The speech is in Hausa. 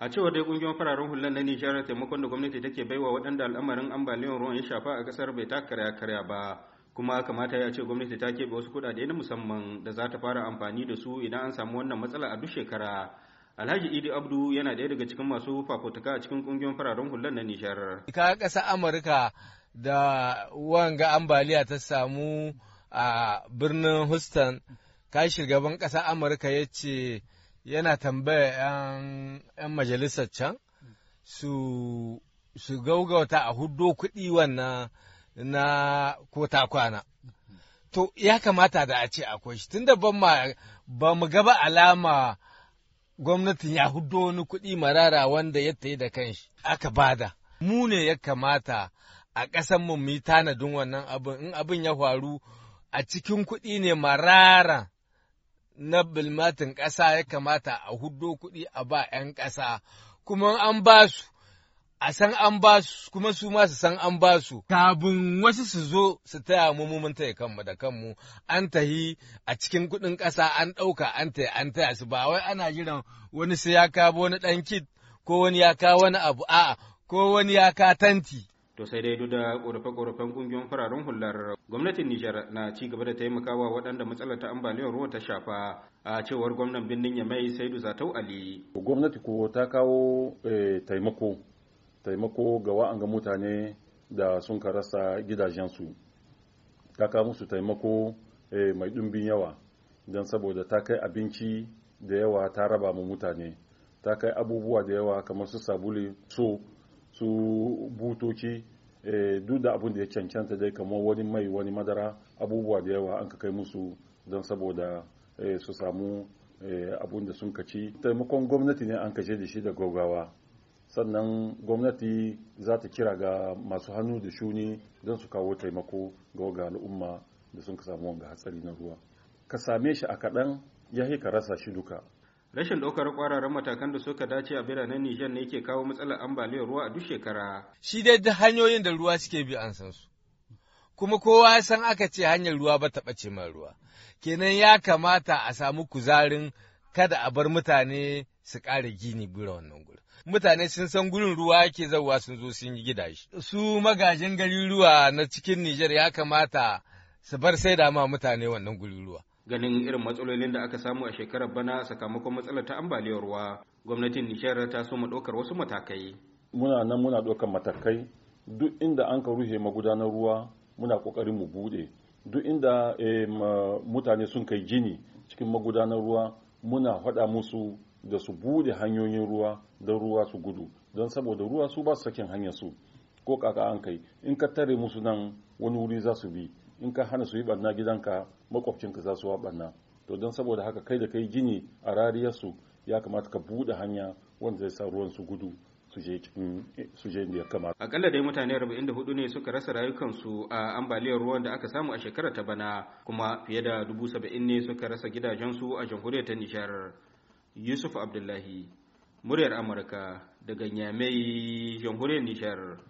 a cewar dai kungiyoyin fararen hulɗar na Nijar taimakon da gwamnati take baiwa waɗanda al'amarin ambaliyar ruwan ya shafa a kasar bai ta karya karya ba kuma kamata ya ce gwamnati ta keɓe wasu kuɗaɗe na musamman da za ta fara amfani da su idan an samu wannan matsala a duk shekara Alhaji Idi Abdu yana ɗaya daga cikin masu fafutuka a cikin kungiyoyin fararen hulan na Nijar. Ka ƙasar Amurka da wanga ambaliya ta samu a birnin Houston, ka gaban ƙasar Amurka ya ce yana tambaya 'yan majalisar can su su gaugauta a hudo kuɗi wannan na ko ta kwana. To, ya kamata da a ce akwai shi, tunda ba mu gaba alama gwamnatin ya hudo wani kuɗi marara wanda ya tayi da kanshi aka bada. Mu ne ya kamata a ƙasan mu yi tanadin wannan abin, in abin ya faru a cikin kuɗi ne marara na bilmatin ƙasa ya kamata a hudo kuɗi a ba 'yan ƙasa, kuma an ba su, a san an ba su, kuma su ma su san an ba su, kafin wasu su zo su taya mu mun taya kanmu da kanmu, an tahi a cikin kuɗin ƙasa an ɗauka an taya an taya su ba wai ana jiran wani sai ya kawo wani ɗan kit ko wani ya kawo wani abu a'a ko wani ya ka tanti. to sai dai duk da korafe-korafen kungiyoyin fararen hular gwamnatin Nijar na ci gaba da taimakawa waɗanda matsalar ta ambaliyar ruwa ta shafa a cewar gwamnan birnin Yamai Saidu Zatau Ali. Gwamnati ko ta kawo eh, taimako taimako ga wa'anga mutane da sun rasa gidajensu ta kawo musu taimako eh, mai ɗumbin yawa don saboda ta kai abinci da yawa ta raba mu mutane ta kai abubuwa da yawa kamar su sabulu so su butoci eh, duk da abin da ya cancanta dai kamar wani mai wani madara abubuwa da yawa an ka kai musu don saboda eh, su samu eh, abin da sun kaci taimakon gwamnati ne an kashe da shi da gaugawa sannan gwamnati za ta kira ga masu hannu da shuni don su kawo taimako ga al'umma da sun ka samu wanga hatsari na ruwa ka same shi a kaɗan ya ka rasa shi duka Rashin ɗaukar ƙwararren matakan da suka dace a biranen Nijar ne ke kawo matsalar ambaliyar ruwa a duk shekara. Shi dai da hanyoyin da ruwa suke bi an san su. Kuma kowa ya san aka ce hanyar ruwa ba ta ɓace mai ruwa. Kenan ya kamata a samu kuzarin kada a bar mutane su ƙara gini gura wannan gurin. Mutane sun san gurin ruwa ke zauwa sun zo sun yi gidaje. Su magajin gari ruwa na cikin Nijar ya kamata su bar sai da ma mutane wannan gurin ruwa. ganin irin matsalolin da aka samu a shekarar bana sakamakon matsalar ta ambaliyar ruwa gwamnatin nishiyar ta so ɗaukar wasu matakai muna nan muna ɗaukar matakai duk inda an ka rufe magudanar ruwa muna ƙoƙarin mu bude duk inda eh, mutane sun kai gini cikin magudanar ruwa muna faɗa musu da su bude hanyoyin ruwa don ruwa su gudu don saboda ruwa su ba su sakin hanyar su ko kaka an kai in ka tare musu nan wani wuri za su bi in ka hana su yi barna gidanka makwabcinka za su wa barna to don saboda haka kai da kai gini a rariyarsu ya kamata ka buɗe hanya wanda zai sa ruwan su gudu su je ya kamata. Akalla dai mutane 44 ne suka rasa rayukansu a ambaliyar ruwan da aka samu a shekarar ta bana kuma fiye da 70 ne suka rasa gidajensu a jamhuriyar ta nishar Yusuf Abdullahi, muryar Amurka daga Nyamai, jamhuriyar nishar